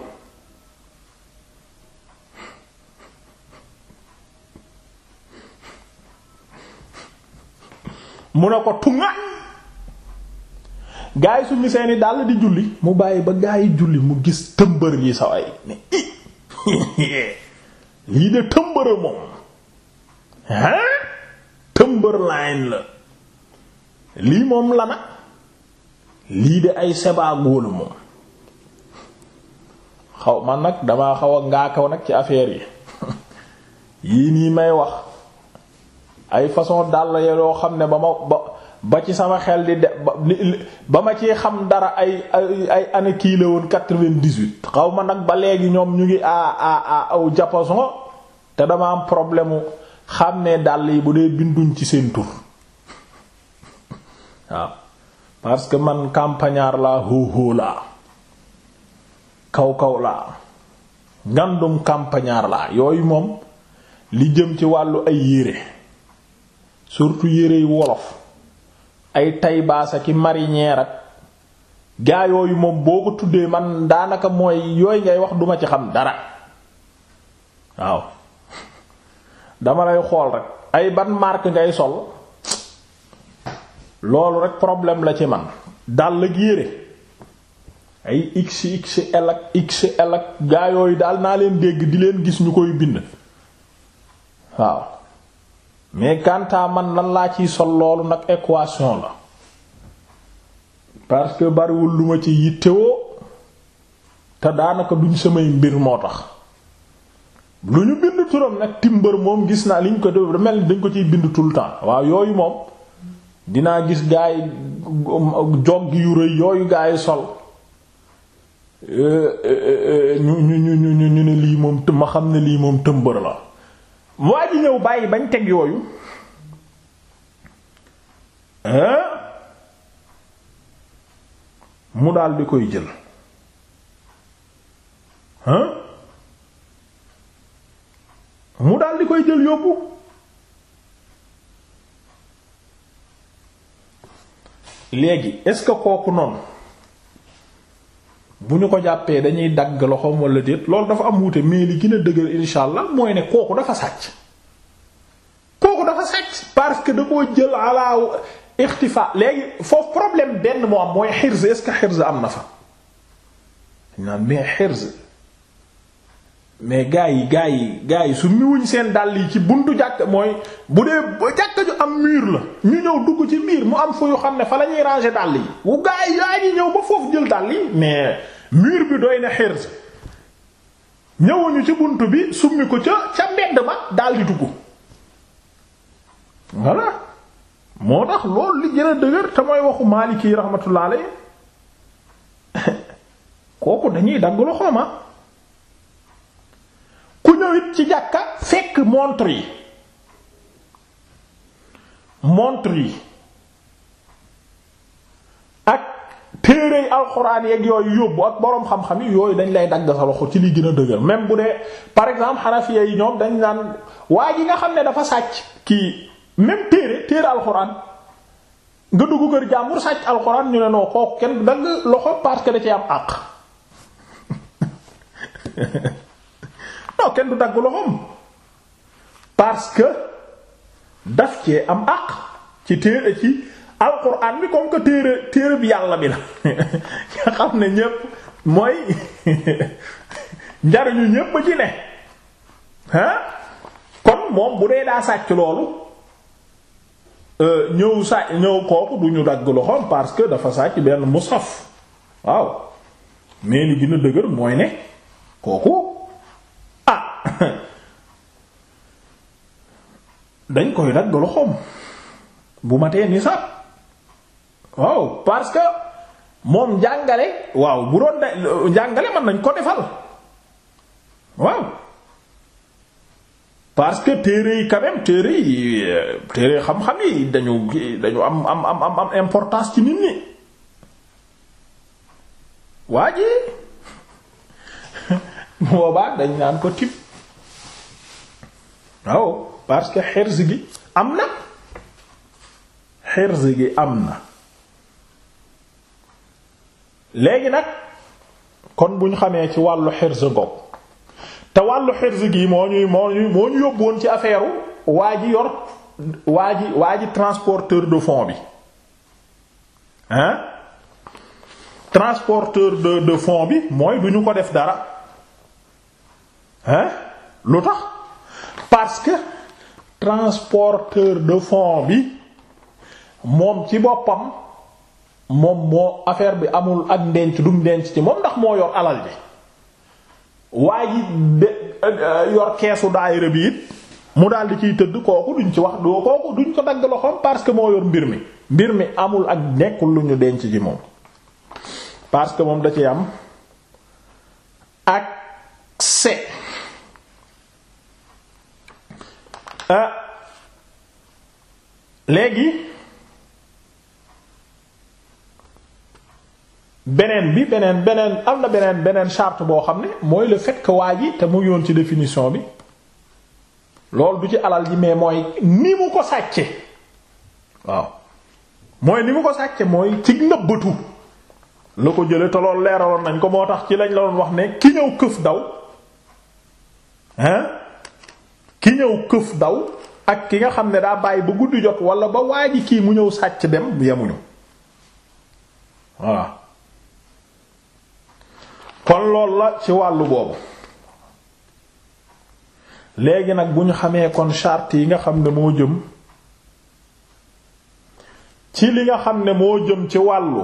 mu ne ko tunga gaa yi di julli mu bàyyi ba gaa yi julli mu gis tëmbër yi sa way ne lii de tëmbërë moom hein tëmbër line la lii moom la na lii de ay sebaagóolu moom xaw man nag damaa xaw a ngaakaw nag ci affaire yi yii nii may wax ay façon dàll yoo xam ne ba ma ba ba ci sama xel di de ba ma ci xam dara ay ay année kii la woon quatre xaw ma nag ba léegi ñoom ñu ngi a a a aw jappason te dama am problème mu xam ne dàll yi bu dee binduñ ci seen tur waaw parce que man campagnard la hóohóo laa kaw kaw laa ngandum campagnard laa yooyu moom li jëm ci wàllu ay yére surtout yére yu wolof ay taybaasa ki marinière ak gaa moom boo ko tuddee man daanaka mooy yooyu ngay wax duma ci xam dara waaw dama lay xool rek ay ban marque ngay sol loolu rek problème la ci man dal la yére ay XXL ak XL ak gaa yooyu daal naa leen dégg di leen gis ñu koy bind waaw mais kantaa man lan laa ciy sol loolu nag équation la parce que bariwul lu ma ci yittewoo te daanaka duñ samay mbir moo tax lu ñu bind turam nag timbar moom gis naa liñ ko def mel ni dañ ko ciy bind tout le temps waaw yooyu moom dinaa gis gaa yi um, um, jog yu rëy yooyu gaa yi sol euh, euh, euh, ñu ñu ñu ñu ñu ne lii moom ma xam ne lii moom tëmbër la waa ji ñëw bàyyi bañ teg yooyu mu daldi koy jël mu daldi koy jël yóbbu léegi est-ce que kooku noonu bu ñu ko jàppee dañuy dagg loxoom wala déet loolu dafa am wuute mais li gën a dëgër insha allah mooy ne kooku dafa sàcc kooku dafa sàcc parce que da koo jël ala ixtifa léegi foofu problème benn moo am mooy xirz est que xirz am na fa naan mais xirz mais gars yi gars yi gars yi su miwuñ seen dàll yi ci buntu jàkk mooy bu dee jàkk ju am mur la ñu ñëw dugg ci biir mu am fu yu xam ne fa la ñuy ranger dàll yi wu gars yi yaa ngi ñëw ba foofu jël dàll yi mais mur bi doy na xirs ñëwuñu ci bunt bi summi ko ca ca mbedd ma dal di dugg voilà moo tax loolu li gën a dëgër te mooy waxu Maliki rahmatullah alayhi kooku dañuy dagg loxooma ah. wéet ci jàkka fekk montre yi montre yi ak téerey alxuraan yeeg yooyu yóbbu ak boroom xam-xam yi yooyu dañ lay dagg sa loxo ci li gën a dëgër même bu dee par exemple xanafiya yi ñoom dañ naan waa ji nga xam ne dafa sàcc kii même téere téere alxuraan nga dugg kër jàmbur sàcc alxuraan ñu ne noo kooku kenn dagg loxo parce que da ci am àq non kenn du dagg loxoom parce que daf cee am àq ci téere ci alquran bi comme que téere téere bi yàlla bi la nga xam ne ñépp mooy njariñu ñépp ci ne ah kon moom bu dee daa sàcc loolu euh, ñëw sàcc ñëw kooku du dagg loxoom parce que dafa sàcc benn musaf waaw mais li gën dëgër mooy ne kooku dañ koy dagg loxoom bu matee nisaab waaw parce que moom njàngale waaw bu doon de njàngale mën nañ ko defal waaw parce que téere yi quand même téere yi téere xam-xam yi dañu dañu am am am importance ci nit ñi waa ji boobaa dañ naan ko tip waaw parce que xirs gi am na xirs gi am na léegi nag kon bu ñu xamee ci wàllu xirs ngoog te wàllu xirs gi moo ñuy moo ñuy moo ñu yóbboon ci affaire waa ji yor waa ji transporteur de fonds bi hein transporteur de de fonds bi mooy du ñu ko def dara hein lu tax parce que transporteur de fonds bi moom ci boppam moom moo affaire bi amul ak ndenc dum denc ci moom ndax moo yor alal bi waa ji de euh, euh, yor keesu daayira bi it mu daal di ciy tëdd kooku duñ ci wax doo kooku duñ ko dagg loxoom parce que moo yor mbir mi mbir mi amul ak nekkul lu ñu denc ji moom parce que moom da ci am accès Ah. léegi beneen bi beneen beneen am na beneen beneen charte boo xam ne mooy la fait que waa ji te mu yoon ci définition bi loolu du ci alal ji mais mooy ni mu ko sàcce waaw mooy ni mu ko sàcce mooy ci nëbbatu la ko jële te loolu leeraloon nañ ko moo tax ci lañ la doon wax ne ki ñëw këf daw hein ki ñëw këf daw ak ki nga xam ne daa bàyyi ba guddi jot wala ba waa ji kii mu ñëw sàcc dem yemuñu waa kon loolu la ci wàllu boobu léegi nag bu ñu xamee kon charte yi nga xam ne moo jëm ci li nga xam ne moo jëm ci wàllu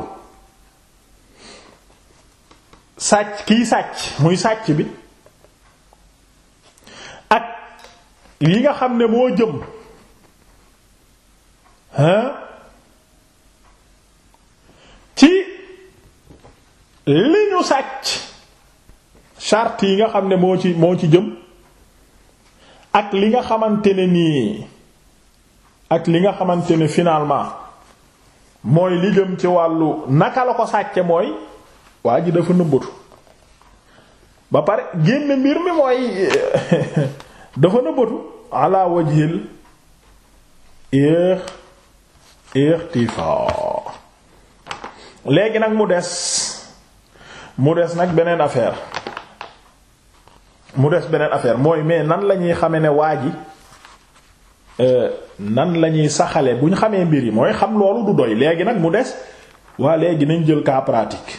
sàcc kiy sàcc muy sàcc bi li nga xam ne moo jëm hein ci li ñu sàcc charte yi nga xam ne moo ci moo ci jëm ak li nga xamante ne nii ak li nga xamante ne finalement mooy li jëm ci wàllu naka la ko sàcce mooy waa ji dafa nëbbatu ba pare génn mbir mi mooy dafa nëbbatu ala wajhil eex ixtifa léegi nag mu des mu des nag beneen affaire mu des beneen affaire mooy mais nan la ñuy xame ne waa ji euh, nan la ñuy saxale bu ñu xamee mbir yi mooy xam loolu du doy léegi nag mu des waa léegi nañ jël cas pratique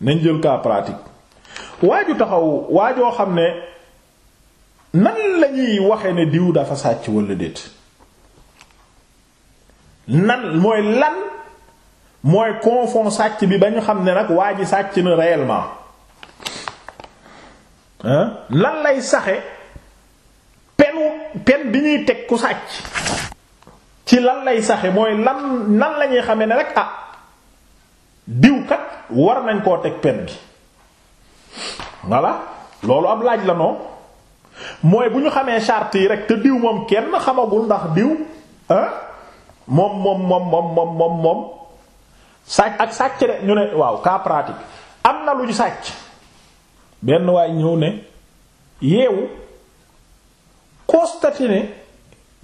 nañ jël cas pratique waaju taxaw waajoo xam ne nan lañuy waxe ne diw dafa sàcc walla déet nan mooy lan mooy confond sàcc bi ba ñu xam ne nag waa ji sàcc na réellement lan lay saxe penu pen bi ñuy teg ku sàcc ci lan lay saxe mooy lan nan lañuy xamee ne rek ah diw kat war nañ koo teg pen bi voilà loolu ab laaj la noo mooy bu ñu xamee charte yi rek te diw moom kenn xamagul ndax diw ah moom moom moom moom moom moom sàcc ak sàcc de ñu ne waaw cas pratique am na lu ñu sàcc benn waay ñëw ne yeewu constaté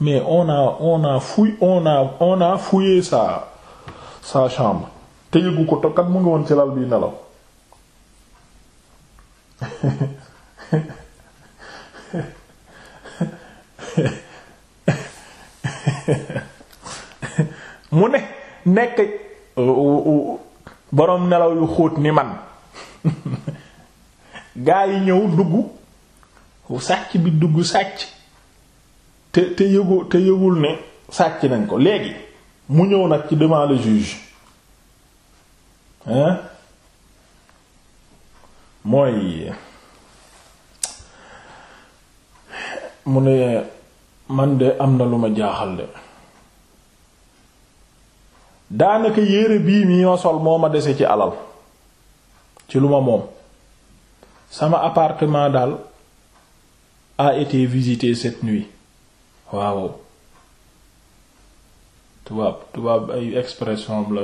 mais ona a on a fouillé on sa sa chambre te yëgu ko tokat mu ngi woon ci lal bii nelaw mu ne nekk boroom nelaw yu xóot ni man gaa yi ñëw dugg sàcc bi dugg sàcc te te yëgu te yëgul ne sàcc nañ ko léegi mu ñëw nag ci devant le juge mooy mu ne man de am na lu ma jaaxal de daanaka yére bii mi ma sol moo ma dese ci alal ci lu ma moom sama appartement daal a été visité cette nuit waaw tubaab tubaab ay expression la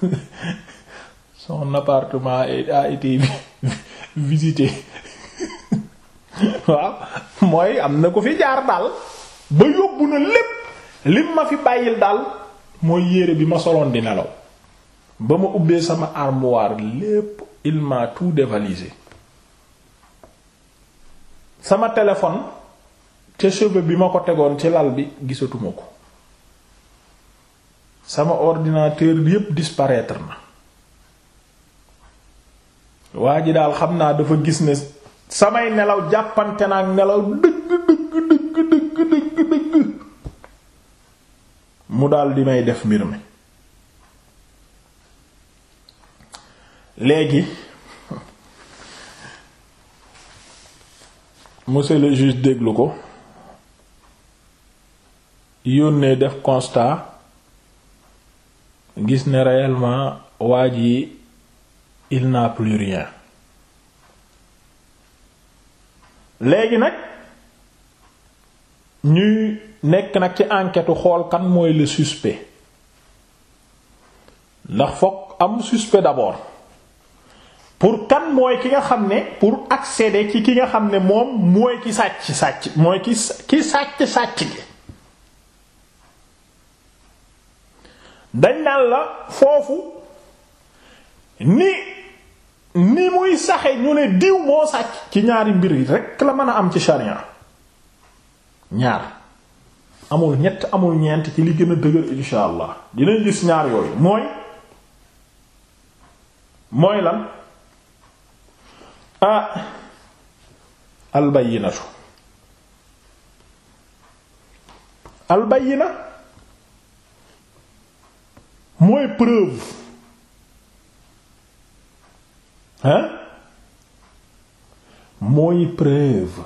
son appartement a été visité waaw mooy am na ko fi jaar daal ba yóbbu na lépp lim ma fi bàyyil daal mooy yére bi ma soloon di nelaw ba ma ubbee sama armoire lépp il m'a tout dévalisé sama téléphone ca cheveux bi ma ko tegoon ci lal bi gisatuma ko sama ordinateur bi yépp disparaître na waa ji daal xam naa dafa gis ne samay nelaw jàppante naak nelaw dëgg dëgg dëgg dëgg dëgg mu daal di may def mbir mi léegi monsieur le déglu ko yónnee def constat gis ne réellement waa ji il n'a plus rien léegi nag ñuy nekk nag ci enquête xool kan mooy le suspect ndax fokk am suspect d'abord pour kan mooy ki nga xam ne pour accéder ci ki nga xam ne moom mooy ki sàcc sàcc mooy ki ki sàcc sàcc gi dañ naan la foofu ni ni muy saxe ñu ne diw moo sàcc ci ñaari mbir yi rekk la mën a am ci sharia ñaar amul ñett amul ñeent ci li gën a dëgër insha allah dinañ gis ñaar yooyu mooy mooy lan ah albayinatu albayina mooy preuve hein mooy preuve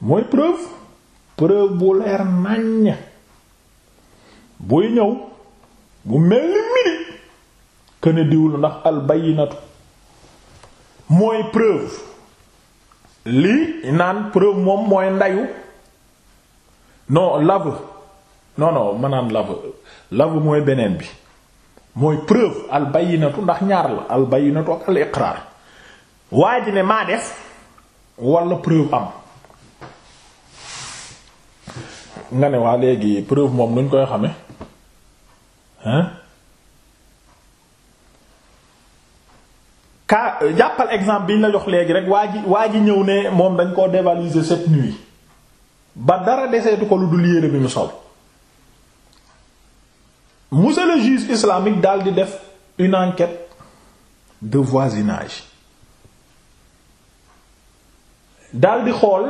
mooy preuve preuve bu leer nàññ buy ñëw bu mel ni mini këne diw la ndax albayinatu mooy preuve lii naan preuve moom mooy ndayu non lave non non manaan lave lave mooy beneen bi mooy preuve al bayyinatu ndax ñaar la al bayyinatu ak al iqraar waa ji ne maa def wala preuve am nga ne waa léegi preuve moom nuñ koy xame hein ka jàppal exemple bi ñu la jox léegi rek waa ji waa ji ñëw ne moom dañ koo dévaliser cette nuit ba dara deseetu ko lu dul yére bi mu sol monsieur le juge islamique daal di def une de voisinage daal di xool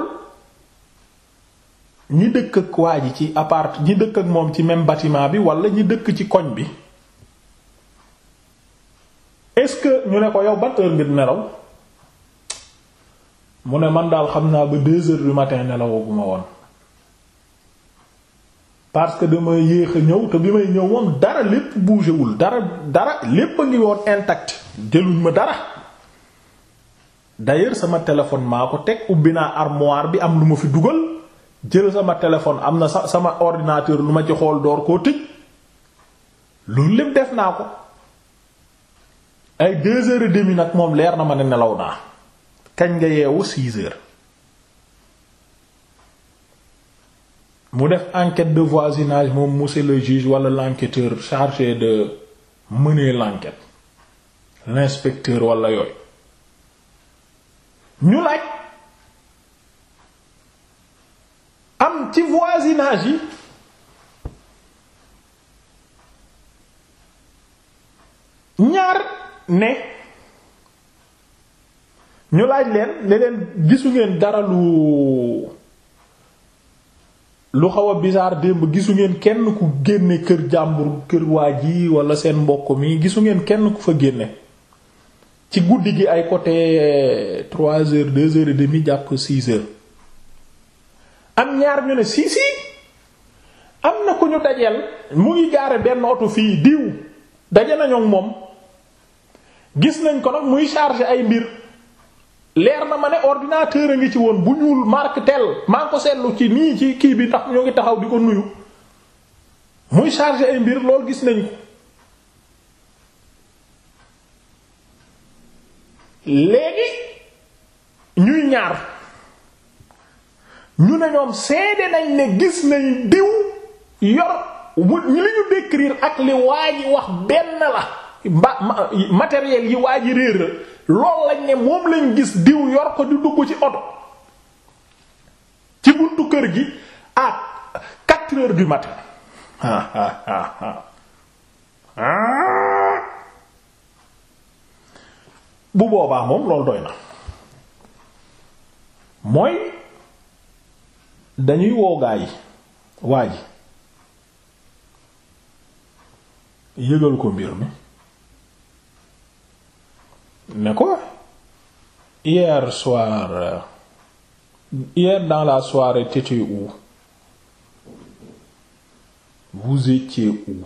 ñi dëkk ak waa ci appart ñi dëkk ak moom ci même bâtiment bi wala ñi dëkk ci koñ bi est-ce que ñu ne ko yow ban heure ngir nelaw mu ne man daal xam naa ba deux heures du matin nelawaguma woon parce que dama yéex a ñëw te bi may ñëw moom dara lépp bougé dara dara lépp a ngi woon intact jëluñ ma dara d'ailleurs sama téléphone maa ko teg ubbi naa armoire bi am lu ma fi dugal jël sama téléphone am na sama ordinateur lu ma ci xool door koo tëj loolu lépp def naa ko ay deux heures et demie nag moom leer na ma ne nelaw naa kañ nga yeewu six heures mu def enquête de voisinage moom monsieur le juge wala l'enquêteur chargé de mener l'enquête l'inspecteur wala yooyu ñu laaj am ci voisinage yi ñaar ne ñu laaj leen ne leen gisu ngeen dara lu lu xaw a bizarre démb gisu ngeen kenn ku génne kër jàmbur kër waa ji wala seen mbokk mi gisu ngeen kenn ku fa génne ci guddi gi ay côté trois heures deux heures et demie jàpp six heures am ñaar ñu ne si si am na ku ñu dajeel mu ngi gaare benn oto fii diw daje nañu moom gis nañ ko nag muy charger ay mbir leer na ma ne ordinateur a ngi ci woon bu ñuul marque tel maa ngi ko seetlu ci nii ci kii bi tax ñoo ngi taxaw di ko nuyu muy chargé ay mbir lool gis nañ ko léegi ñuy ñaar ñu ne ñoom seede nañ ne gis nañ diw yor li ñu décrire ak li waa ji wax benn la ba matériel yi waa ji réer lool lañ ne moom lañ gis diw yor ko di dugg ci oto ci buntu kër gi à quatre heures du matin bu boobaa moom loolu doy na mooy dañuy woo waa ji yëgal ko mbir mi ne ko hier soir euh, hier dans la soirée t'étais où ci étiez où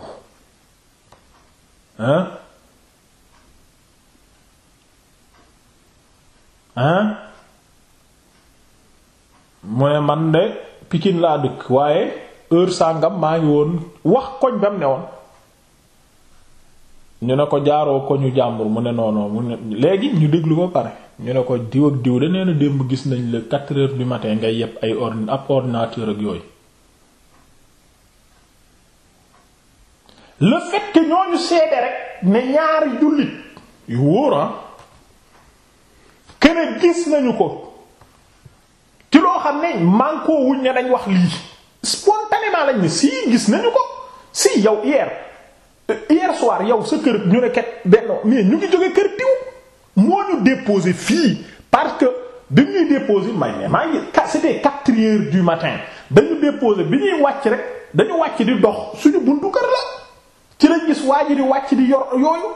hein hein mu ne man de Pikine laa dëkk waaye heure sàngam maa ngi woon wax koñ bam ne woon ñu ne ko jaaroo ko ñu jàmbur mu ne noonu mu ne léegi ñu déglu ko pare ñu ne ko diw ak diw da nee démb gis nañ la quatre heures du matin ngay yépp ay ordi ordinateur ak yooyu le fait que ñooñu seede rek ne ñaari jullit yu wóora ah, kene gis nañu ko ci loo xam ne mànkoo ne dañ wax lii spontanément lañ ne si gis nañu ko si yow hier hier soir yow sa kër ñu ne kat benn mais ñu ngi jóge kër diw moo ñu déposé fii parce que bi ñuy déposé may ne maa ngi c'était quatre heures du matin dañu déposé bi ñuy wàcc rek dañu wàcc di dox suñu buntu kër la ci lañ gis waa ji di wàcc di yooyu